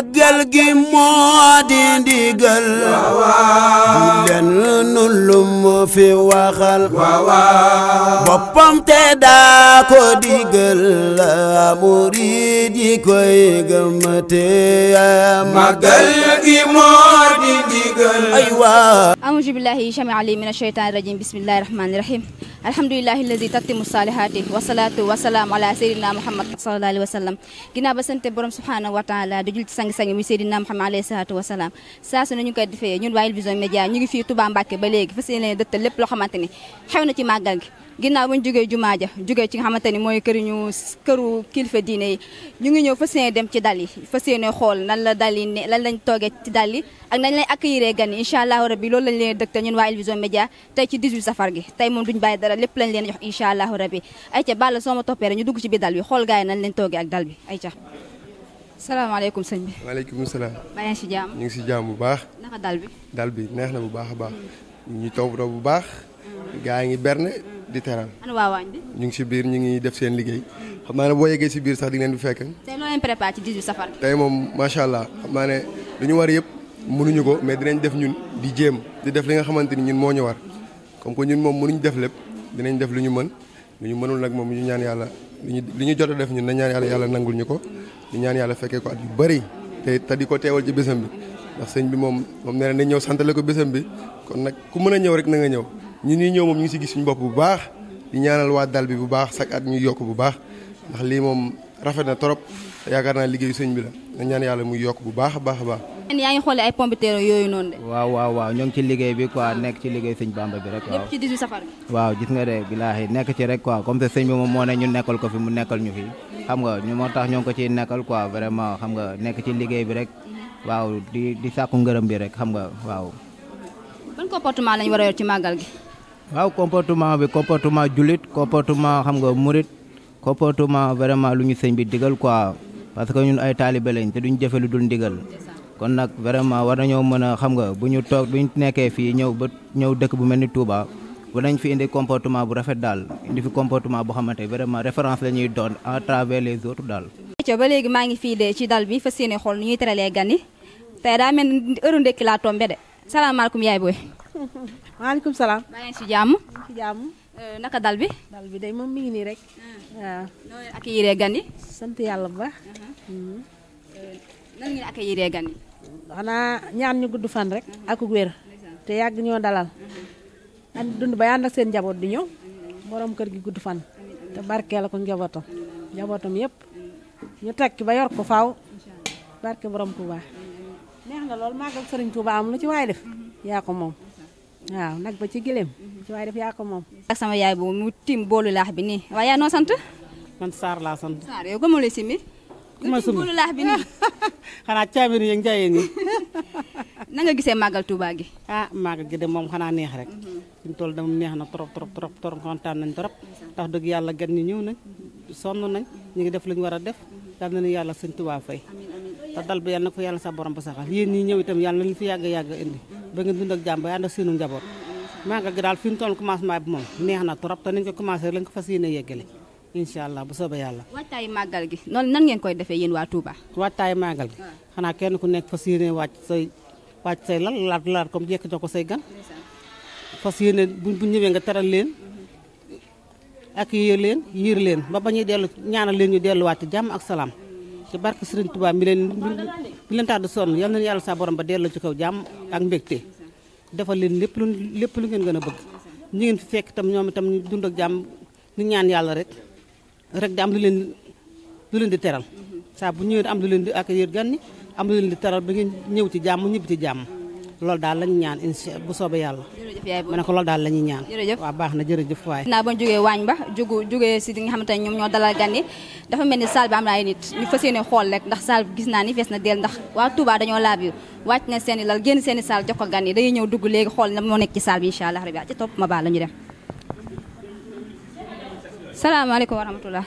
màggal gi moo di ndigal lenn nu lu fi waxal boppam te daa ko digal murid yi koy gëmate màggal gi moo di ndigal ay waa أعوذ بالله شمع علي من الشيطان الرجيم بسم الله الرحمن الرحيم الحمد لله الذي تتم الصالحات والصلاة والسلام على سيدنا محمد صلى الله عليه وسلم جينا بسنت بروم سبحانه وتعالى دجل سانغ سانغ مي سيدنا محمد عليه الصلاة والسلام ساس نيو كاي ديفي نيون وايل فيزون ميديا في توبا مباكي با ليغي فاسين لين دت لب لو خامتاني خيونا تي ماغال جينا بون جوغي جوما جا تي خامتاني موي كيري نيو كيرو كيلفا ديني نيغي نيو فاسين ديم تي دالي فاسين خول نان دالي نان لا تي دالي أنا نان لاي اكيري ان شاء الله ربي لا leen dëkk ñun waa El Vision Médias tey ci 18 safar gi tey moom duñ bàyyi dara lépp lañ leen jox incha allahu rabi ayca Balla soo ma toppee rek ñu dugg ci biir dal bi xool gars yi nañ leen maa ngi si jàmm. ñu ngi si jàmm bu baax. dal bi. dal bi neex na bu baax a baax. ñu ngi taw bu baax. gaa ngi berne di teral. ana waa waañ ñu ngi si biir ñu ngi def seen liggéey. xam naa ne boo yeggee si biir sax di ngeen di fekk. tey loo leen préparé ci 18 moom macha allah xam naa ne dañu war yëpp. mënuñu ko mais dinañ def ñun di jéem di def li nga xamante ni ñun moo ñu war comme que ñun moom mënuñu def lépp dinañ def lu ñu mën lu ñu mënul nag moom ñu ñaan yàlla li ñu jot a def ñun na ñaan yàlla yàlla nangul ñu ko di ñaan yàlla fekkee ko at yu bari te te di ko teewal ci bésam bi ndax sëñ bi moom moom nee na ñëw santale ko bésam bi kon nag ku mën a ñëw rek na nga ñëw ñun ñuy ñëw moom ñu ngi si gis suñu bopp bu baax di ñaanal waa dal bi bu baax chaque at ñu yokk bu baax ndax lii moom rafet na trop yaakaar naa liggéeyu sëñ bi la ñaan yàlla muy yokk bu baax a baax a baax yaa ngi xoolee ay pompiteer yooyu noonu de. waaw waaw waaw ñoo ngi ci liggéey bi quoi nekk ci liggéey sëñ Bamba bi rek. waaw gis nga de bilaahi nekk ci rek quoi comme ça sëñ bi moom moo ne ñu nekkal ko fi mu nekkal ñu fi. xam nga ñu moo tax ñoo ngi ko ciy nekkal quoi vraiment xam nga nekk ci liggéey bi rek. waaw di di sàkku ngërëm bi rek xam nga waaw. ban comportement lañ war a yor ci màggal gi. waaw comportement bi comportement jullit comportement xam nga murit comportement vraiment lu ñu sëñ bi digal quoi parce que ñun ay taalibe lañ duñ jëfe lu dul ndigal kon nag vraiment war nañoo mën a xam nga bu ñu toog bu ñu nekkee fii ñëw ba ñëw dëkk bu mel ni Touba war nañ fi indi comportement bu rafet daal indi fi comportement boo xamante vraiment référence la ñuy doon à travers les autres daal. ba léegi maa ngi fii de ci dal bi fas yéene xool nu ñuy teralee gan te tey daa mel ni heure ndekki laa tombé de salaamaaleykum yaay booy. maaleykum salaam. maa ngi ci jàmm. ci jàmm. Euh, naka dal bi. dal bi day moom mi ngi nii rek. ak ah. yiree gan sant yàlla bu baax. Uh-huh. Mm-hmm. Euh, xanaa ñaan ñu gudd fan rek ak wér te yàgg ñoo dalal an dund ba ànd ak seen njaboot di ñëw borom kër gi gudd fan te barkeel ko njabootam njabootam yépp ñu tekki ba yor ko faaw barke borom Touba neex na lool màggal sëriñ Touba am lu ci waay def yaa ko moom waaw nag ba ci gilem ci waay def yaa ko moom ak sama yaay bu mu tim boolu laax bi nii waaye yaa noo sant man Sarr laa sant yow ma sumb laax bi nii. xanaa caabir yeeg njaayeen yi. na nga gisee màggal Touba gi. ah màggal gi de moom xanaa neex rek. Mhm. fi mu toll dama neex na trop trop trop trop kontaan nañ trop. ndax dëgg yàlla gan ñi ñëw nañ. sonn nañ ñu ngi def lu ñu war a def. Mhm. yal na nu yàlla sëñ Touba fay. te dal bi yal na ko yàlla sa yéen ñi ñëw itam yàlla ñu fi yàgg yàgg indi. Mhm. ba ngeen dund ak jàmm ba ànd ak seenu njaboot. màggal gi daal fi mu toll commencement bi moom neex na trop te lañ ko fas yéene yeggale incha allah bu soobee yàlla. waajtaayu màggal gi noonu nangeen koy defee yéen waa Touba. waajtaayu màggal gi. Ah. xanaa kenn ku nekk fas yéene wàcc say wàcc say lal laat laat kom jekk jox ko say gan. fas yéene bu bu ñëwee nga teral leen. ak yéer leen yiir leen ba ba ñuy dellu ñaanal leen ñu delluwaat ci jàmm ak salaam. ci barke Serigne Touba mi leen mi leen tax di sonn yal na yàlla saa borom ba delloo ci kaw jàmm ak mbégte. defal leen lépp lu lépp lu ngeen gën a bëgg. ñu ngeen fi fekk itam ñoom itam dund ak jàmm ñu ñaan yàlla rek rek di am lu leen lu leen di teral saa bu ñëwee am lu leen di accueillir gan ñi am lu leen di teral ba ngeen ñëw ci jàmm ñibbi ci daal lañu ñaan incha bu soobee yàlla. la ñuy ñaan. jërëjëf waaw baax na jërëjëf waay. naa ba jógee waañ ba jugu jógee si li nga xamante ne ñoom ñoo dalal gan yi dafa mel ni salle bi nit ñu fas xool rek ndax salle bi gis naa ni fees na del ndax waa Touba dañoo laab yu wàcc na seen i lal génn seen i salle jox ko gan yi ñëw dugg léegi xool na moo nekk ci salle bi incha allah rabi ci topp ma baa la ñu dem salaamaaleykum wa rahmatulah.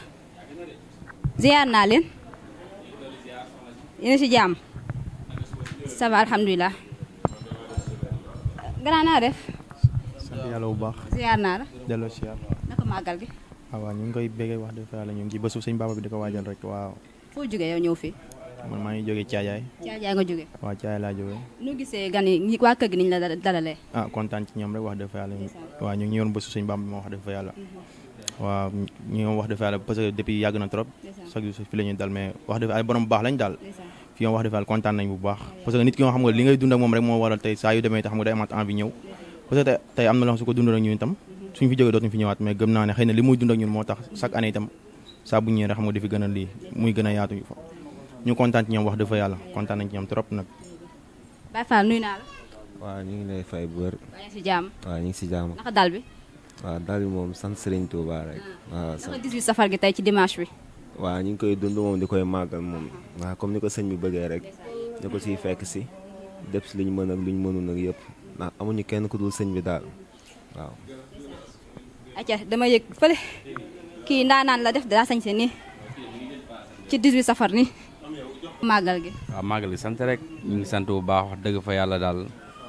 ziyaar naa leen. yéen a ci jàmm. ça va alhamdulilah. naa def. sant yàlla bu baax. ziyaar naa la. delloo ziyaar. naka màggal gi. Ah, waaw ñu ngi koy wax dëgg fa yàlla ñu ngi ci bésu sëñ Baba bi di ko waajal rek ñëw fii. man maa ngi jógee Caajaay. Caajaay nga jógee. waa Caajaay laa jógee. nu gisee gan yi waa kër gi niñ la dalalee. Ah, kontaan ci ñoom rek wax dëgg fa yàlla. waaw ñu ngi yoon bésu sëñ Baba bi ma wax dëgg fa yàlla. Mm-hmm. waaw ñu ngi wax dëgg yàlla parce depuis yàgg na trop chaque jour fi la ñuy mais wax dëgg ay borom bu baax lañ daal fii moom wax dëgg yàlla kontaan baax parce que nit ki nga xam li ngay dund ak moom rek moo waral tey saa yu demee tax nga day amaat envie ñëw parce que tey am na loo xam su ko dund ak ñun itam mhm. suñ fi jógee dootuñ fi ñëwaat mais na li muy a a yaatu ñu wax dëgg yàlla kontaan ci ñoom trop nag Baye Fall nuyu naa la waa ñu ngi lay fay bu wër waaw ñu ngi si jàmm ngi si jàmm naka waaw daal bi moom sant Serigne Touba rek. Ah. waaw sant dama safar gi tey ci dimanche bi. waaw ñu ngi koy dund moom di koy màggal moom. waaw comme ni ko sëñ bi bëggee rek. ñu ko siy fekk si. def si lu ñu mën ak lu ñu mënul ak yëpp ndax amuñu kenn ku dul sëñ bi daal waaw. acca dama yëg fële kii naan la def daa sañ see nii ci 18 safar nii. màggal gi. waaw màggal gi sant rek ñu ngi sant bu baax wax dëgg fa yàlla daal.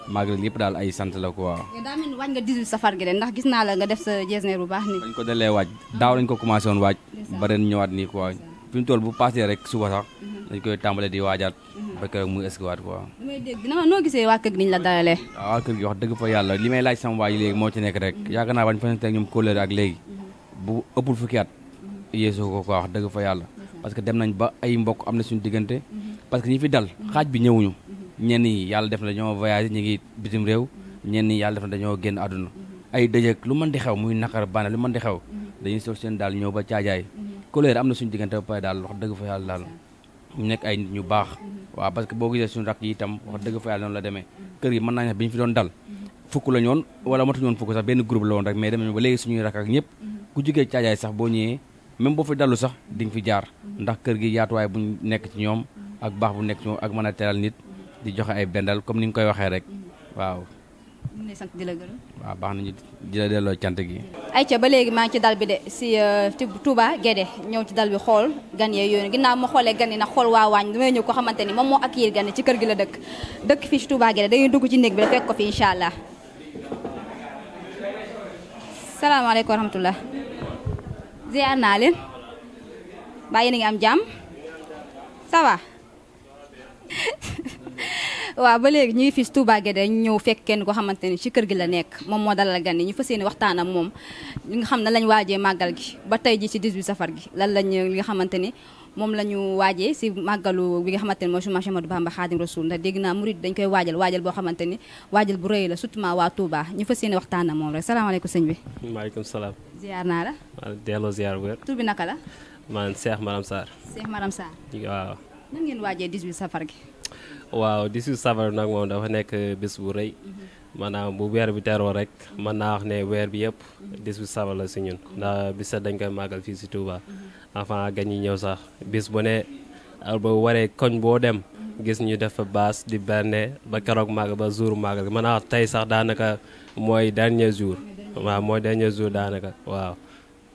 màggal yëpp daal ay sant la ko daa mel ni waaj nga 18 ndax gis naa la nga def sa jeesneer bu baax dañ ko dalee waaj daaw lañ ko commencé woon waaj. ba ren ñëwaat nii ko fi mu toll bu passé rek suba sax. Mhm. dañ koy tàmbalee di waajaat. Mhm. ba keroog muy esquiwaat quoi. li may dégg na noo gisee waa kër gi ñu la dalalee. Ah, waa kër wax dëgg fa yàlla li may laaj sama waa ji léegi moo ci nekk rek mhm. yaakaar naa bañ fa nekk ñoom kóllëre ak léegi bu ëppul fukki at yeesoo ko quoi wax dëgg fa yàlla parce que dem nañ ba ay mbokk am na suñu diggante parce que ñi fi dal xaaj bi ñëwuñu ñenn ñi yàlla def na dañoo voyagé ñu ngi bitim réew ñenn ñi yàlla def na dañoo génn àdduna ay dëjëk lu mën di xew muy naqar bana lu mën di xew dañuy soog seen daal ñëw ba caajaay couleur am na suñu diggante ba pare daal wax dëgg fa yàlla daal ñu nekk ay nit ñu baax waaw parce que boo gisee suñu rakk yi itam wax dëgg fa yàlla noonu la demee kër gi mën naa bi ñu fi doon dal fukk la ñoon wala matu ñoon fukk sax benn groupe la woon rek mais demee ba léegi suñuy rakk ak ñëpp ku jógee caajaay sax boo ñëwee même boo fi dalu sax di nga fi jaar ndax kër gi yaatuwaay bu nekk ci ñoom ak baax bu nekk ci ak mën a teral nit di joxe ay bendal comme ni nga koy waxe rek mhm. waaw ñu lay sant di la gëru waaw baax nañu di la delloo cant gi ay ca ba légui ma ci dal bi de si euh, Touba Gédé ñew ci dal bi xol gan ye yoon ginnaaw ma xolé gan yi nag xool waa dama ñew ko xamanteni mom mo ak yir gan ci kër gi la dëkk dëkk fi ci Touba Guédé dañuy dugg ci néeg bi fekk ko fi inshallah salam alaykum wa rahmatullah ziar len bayina ngi am jam ça va wa ba leg ñuy fi Touba Guédé ñëw fekk kenn koo ni ci kër gi la nek mom mo dalal gan ñu fas waxtaan ak mom li nga xamne lañ waje magal gi ba tay ji ci 18 safar gi lan lañ li nga xamanteni mom lañu waje ci magalu si magalu bi nga xamanteni mo Cheikh su Bamba Khadim Rasoul da degna mouride murid dañ koy wajal wajal bo xamanteni wajal bu rëy la surtout wa Touba ñu fas waxtaan ak mom rek salaamaaleykum sëñ bi maaleykum salam ziar na la delo ziar wér tur bi naka la man Cheikh Maram sar Cheikh Maram sar waaw nan ngeen waje 18 safar gi waaw 18 safar nag moom dafa nekk bés bu rëy mhm. maanaam bu weer bi teroo rek mën naa wax ne weer bi yëpp 18 safar la si ñun mhm. ndax bis sax dañ koy màggal fii si Touba mhm. avant gan ñi ñëw sax bis bu ne ba waree koñ boo dem gis ñu def fa baas di berne ba keroog màggal ba jour màggal mën naa wax tey sax daanaka mooy dernier jour waa mooy dernier jour daanaka waaw.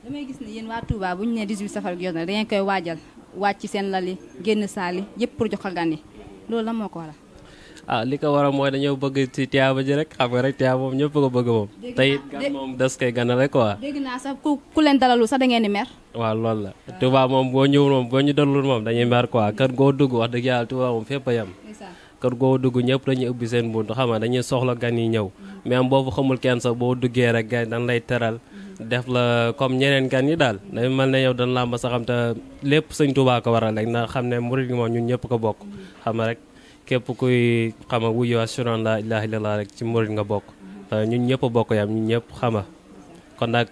damay gis ne yéen waa Touba bu ñu nee 18 safar gi jot na da ngeen koy waajal wàcc seen lali génn saali yëpp pour jox yi loolu la moo ko waral. ah li ko waral mooy dañoo bëgg ci tiyaaba ji rek xam nga rek tiyaaba moom ñëpp ko bëgg moom. tey gan moom des koy ganale quoi. dégg naa sax ku ku leen dalalu sax da ngeen di mer. waaw loolu la tubaab moom boo ñëwul boo ñu dalul moom dañuy mer quoi kër goo dugg wax dëgg yàlla tubaab moom fépp a yem. kër goo dugg ñëpp dañuy ubbi seen bunt xam nga dañuy soxla gan yi ñëw. même boo fa xamul kenn sax boo duggee rek gan dañ lay teral def la comme ñeneen kan yi daal day mel ne yow dañ laa mas a xam te lépp sëñ Tuubaa war a rek na xam ne murit gi moom ñun ñëpp ko bokk xam rek képp kuy xama wuyu assuran la ilaha rek ci murit nga bokk ñun ñëpp bokk yam ñun ñëpp xama kon nag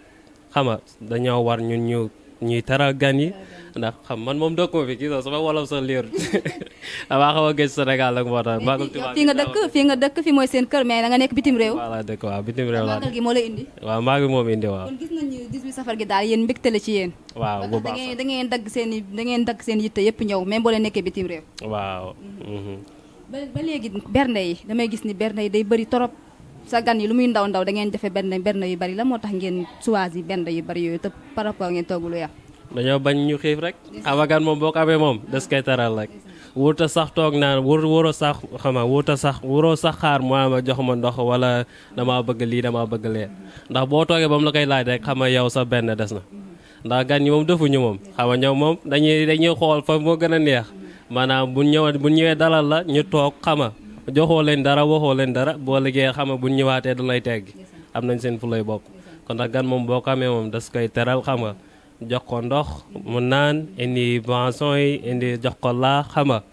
xama dañoo war ñun ñu ñuy tara gan yi ndax xam man moom dëkk ma fi kii sama wolof sa liir damaa xaw a gëj Sénégal ak moo fii nga dëkk fii nga dëkk fii mooy seen kër mais da nga nekk bitim réew voilà dëkk waaw bitim réew laa màggal gi moo la indi waaw màggal moom indi waaw kon gis nañu 18 safar gi daal yéen mbégte la ci yéen waaw bu baax da ngeen dagg seen da ngeen dagg seen yitte yëpp ñëw même boo leen nekkee bitim réew waaw mm-hmm. Mm-hmm. ba léegi bernay yi damay gis ni bernay day bëri torop sa gan yi lu muy ndaw ndaw da ngeen jafe benn benn yu bari la moo tax ngeen choisir benn yu bari yooyu te par rapport ngeen togg lu yàq. dañoo bañ ñu xiif rek. awagan moom boo ko amee moom des koy taral rek. a sax toog naan wur wuroo sax xama wut a sax wuroo sax xaar mu ma jox ma ndox wala damaa bëgg lii damaa bëgg lee ndax boo toogee ba mu la koy laaj rek xama yow sa benn des na ndax gan ñi moom defuñu moom xama ñëw moom dañuy dañuy xool fa moo gën a neex joxoo leen dara waxoo leen dara boo liggéey xam nga bu ñëwaatee du lay tegg am nañ seen fu lay bopp kon ndax gan moom boo ko amee moom das koy teral xam nga jox ko ndox mu naan indi boisson yi indi jox ko laa xam nga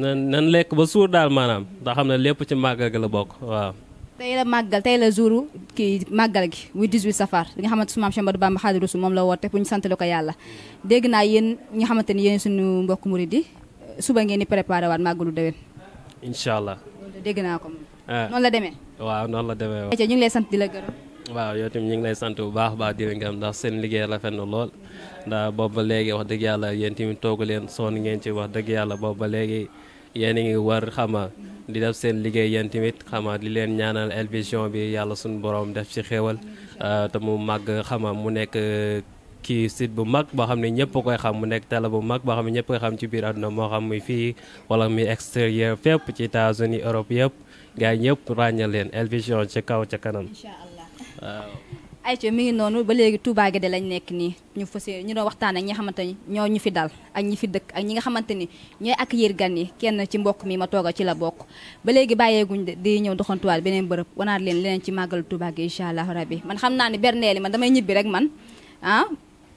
nan nan lekk ba suur daal maanaam ndax xam ne lépp ci màggal gi la bokk waaw. tey la màggal tey la jour kii màggal gi muy 18 safar li nga xamante su maam Cheikh Ahmadou Bamba Xaadimu Rasuul moom la woote pour ñu santale ko yàlla dégg naa yéen ñi xamante ni yéen suñu mbokk murid yi di préparé waat incha allah. dégg naa ko moom. Ah. noonu la demee. waaw noonu la demee waaw. ñu ngi lay sant di la waaw yow tamit ñu ngi lay sant bu baax baax di leen gërëm ndax seen liggéey rafet na lool ndax boobu ba léegi wax dëgg yàlla yéen tamit toogu leen sonn ngeen ci wax dëgg yàlla boobu ba léegi yéen a ngi war xama di def seen liggéey yéen tamit xama di leen ñaanal El bi yàlla suñu borom def ci xéewal ah, te mu màgg xama mu nekk. kii site bu mag boo xam ne ñëpp koy xam mu nekk télé bu mag boo xam ne ñëpp koy xam ci biir àdduna moo xam muy fii wala muy extérieur fépp ci États-Unis Europe yëpp gars yi ñëpp leen El Vision ca kaw ca kanam. incha allah waaw. ayca mi ngi noonu ba léegi Touba de lañ nekk nii ñu fas ñu doon waxtaan ak ñi nga xamante ni ñoo ñu fi dal ak ñi fi dëkk ak ñi nga xamante ni ñooy ak yër gan yi kenn ci mbokk mi ma tooga ci la bokk ba léegi de di ñëw doxantuwaat beneen bërëb wanaat leen leneen ci màggal Touba gi incha allah rabbi man xam naa ni berneel yi man ñibbi rek man ah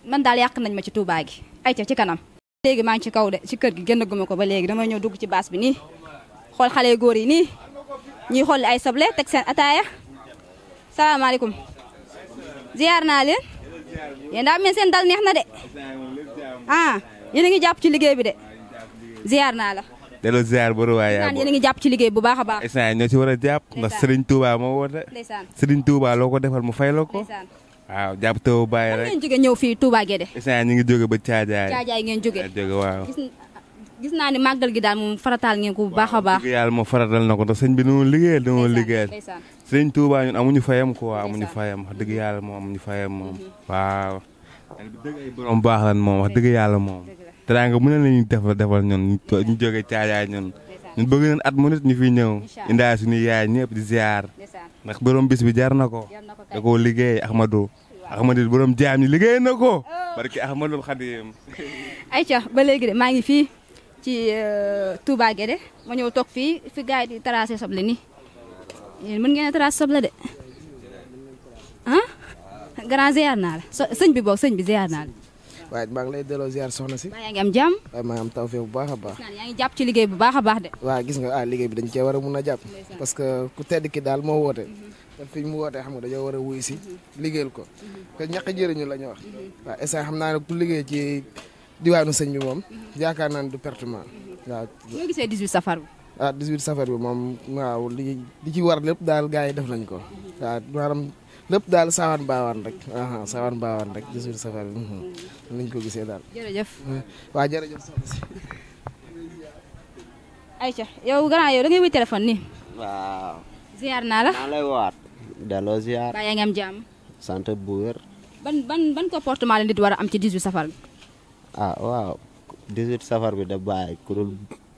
man daal yàq nañ ma ci Touba gi ay ca ci kanam léegi maa ngi ci kaw de ci kër gi génn guma ko ba léegi damay ñëw dugg ci baas bi ni xool xale góor yi nii ñuy xool ay soble teg seen ataaya salaamaaleykum ziar naa leen yéen daal mel seen dal neex na de ah yéen ngi jàpp ci liggéey bi de ziar naa la delloo ziar bu ruwaay yaa yéen ngi jàpp ci liggéey bu baax a baax. ñoo ci war a jàpp ndax Serigne Touba moo woote. Serigne Touba loo ko defal mu fay la ko. waaw jàpp taw bàyyi rek ñëw fii Touba Guédé instant ñu ngi jóge ba Caajaay Caajaay ngeen jóge waaw gi daal moom farataal ngeen ko bu baax a baax yàlla faratal na ko ndax sëñ bi nu liggéeyal dañoo liggéeyal sëñ Touba ñun amuñu fayam quoi amuñu fayam wax dëgg yàlla moom amuñu fayam moom mhm. waaw an bi baax lan moom wax dëgg yàlla moom teraanga mu ne la ñuy defal defal ñun ñu jóge Caajaay ñun ñu bëgg nañ at mu nit ñu fi ñëw indaa suñu yaay ñëpp di ziar ndax borom bis bi jaar na ko da ko liggéey ahmadu ahmadu borom jaam ñi liggéey na ko oh. barki Ahmadul Xadim ayca ba léegi de maa ngi fii ci euh, Touba Guédé ma ñëw toog fii fi gaay di tracé soble ni yéen mën ngeen a tracé soble de ah grand ziar naa la sëñ bi boog sëñ bi ziar naa la waaye maa ngi lay delloo ziar soxna si. maa ngi am jàmm. waaye bu baax a baax. yaa liggéey bu baax a baax de. waaw gis nga ah liggéey bi dañ cee war a mun a jàpp. parce que ku tedd ki daal moo woote. Mhm. te fi mu wootee xam nga dañoo war a wuy si. Mhm. liggéeyal ko. Mhm. te ñàkk jëriñu la ñu wax. waaw instant xam naa ne ku liggéey ci diwaanu sëñ bi moom. yaakaar naa ne du pertement. waa ñoo gisee 18 safar bi. ah 18 safar bi moom waaw li li ci war lépp daal gars yi def nañ ko. waaw maanaam lepp dal sawan bawan rek aha sawan bawan rek ci sur safar bi wajar ko gisee daal jërëjëf waa jërëjëf soxna si Aïcha yow grand yow da ngay wuy ziar naa la lay ziar baa ban ban ban comportement la nit war am ci 18 ah waaw 18 safar bi da bàyyi ku dul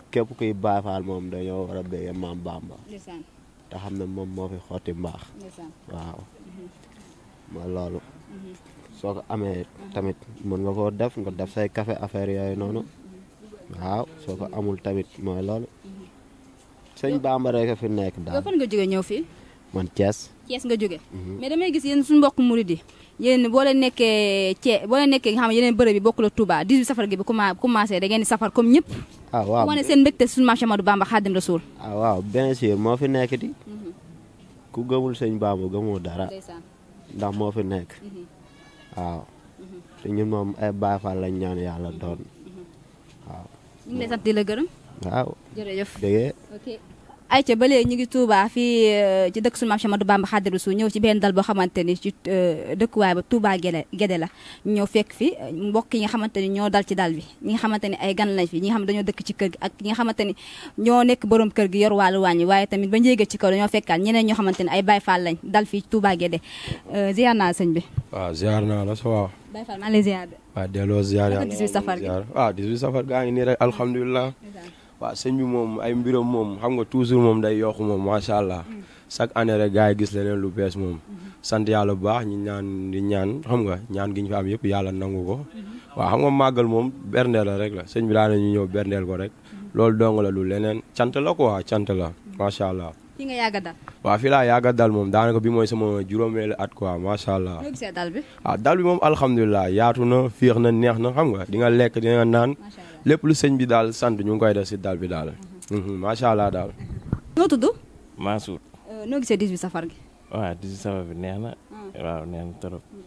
képp kuy mom moom dañoo war mam te xam ne moom moo fi xotti mbaax waaw mhm. ma loolu mhm. soo ko amee tamit mën nga koo def nga def say café affaire yooyu noonu mhm. waaw soo ko amul tamit mooy loolu sëñ Bamba rek a fi nekk daal man Thiès. Thiès nga jóge mhm. mais damay gis yéen suñu mbokk murid yi yéen boo leen nekkee Thiès boo leen nekkee nga xam ne bërëb yi bokk la Touba 18 safar gi bi commencé da ngeen di safar comme ñëpp. ah waaw wane seen mbégte suñu maam Ahmadou Bamba Xaadim ah, waaw bien moo fi nekk di. Mhm. ku gëmul sëñ Bamba gëmoo dara. ndax moo fi nekk. Mhm. waaw. te ñun moom ay Baay Faal lañ ñaan yàlla doon waaw. ñu ngi sant di la gërëm. waaw jërëjëf. ayca ba léegi ñu ngi Touba fi euh, ci dëkk su maam Cheikh Ahmadou Bamba Xaadimu Rasuul ñëw ci benn dal boo xamante ni ci euh, dëkkuwaay ba Touba Guédé Guédé la ñoo fekk fi euh, mbokk yi nga xamante ni ñoo dal ci dal bi ñi nga xamante ni ay gan lañ fi ñi nga xam dañoo dëkk ci kër ak ñi nga xamante ni ñoo nekk borom kër gi yor wàllu waañ waaye tamit ba njéegee ci kaw dañoo fekkaat ñeneen ñoo xamante ni ay Baye Fall lañ dal fi Touba Guédé ziar naa sañ bi waaw ziar naa la sa waaw Baye Fall maa lay ziar waaw delloo ziar yaa 18 safar gi waaw ah, 18 waaw sëñ bi moom ay mbiram moom xam nga toujours moom day yokk moom macha allah mm. chaque année rek gars yi gis leneen lu bees moom mm-hmm. sant yàlla bu baax ñu ñaan di ñaan xam nga ñaan gi ñu fa am yëpp yàlla nangu ko mm-hmm. waa xam nga màggal moom berndeel la rek la sëñ bi daana ñu ñëw berndeel ko rek mm-hmm. loolu dong la lu leneen cant la ko quoi cant la macha allah. fii nga waaw fii laa yàgg dal moom daanaka bi mooy sama juróomeelu at quoi macha allah. ñoo gisee ah, dal bi. moom alhamdulilah yaatu na féex na neex na xam lépp lu sëñ bi daal sant ñu ngi koy def si daal bi daal. Mhm, macha allah daal. noo tudd. Mansour. Euh, noo gisee 18 safar gi. waaw 18 safar bi neex na. Hmm. waaw neex na trop. Hmm.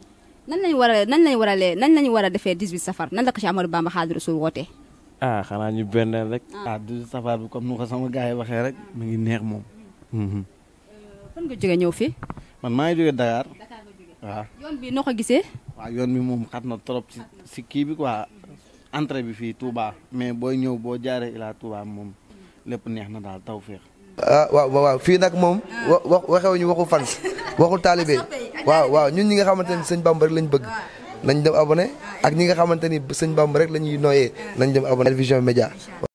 nan lañu a nan lañu war a lee nan lañu war a defee 18 safar nan ko si Amadou Bamba Xaadimu Rasuul wootee. Ah, xanaa ñu benneel rek. ah 18 ah, comme nu ko sama waxee rek mu ngi neex moom. Mhm. Euh, fan nga jógee ñëw fii. man maa ngi jógee Dakar. Dakar nga jógee. waaw yoon bi noo ko gisee. waaw yoon bi moom xat na trop si si kii entrée bi fii Touba mais booy ñëw boo jaaree Ila Touba moom lépp neex na daal tawféex. ah waaw waaw fii nag moom ah. wax waxewuñu waxu fans waxu taalibe waaw waaw ñun ñi nga xamante ni sëñ Bamba rek lañ bëgg nañ dem abonné ah. ak ñi nga xamante ni sëñ Bamba rek la ñuy nooyee ah. nañ dem abonné. télévision média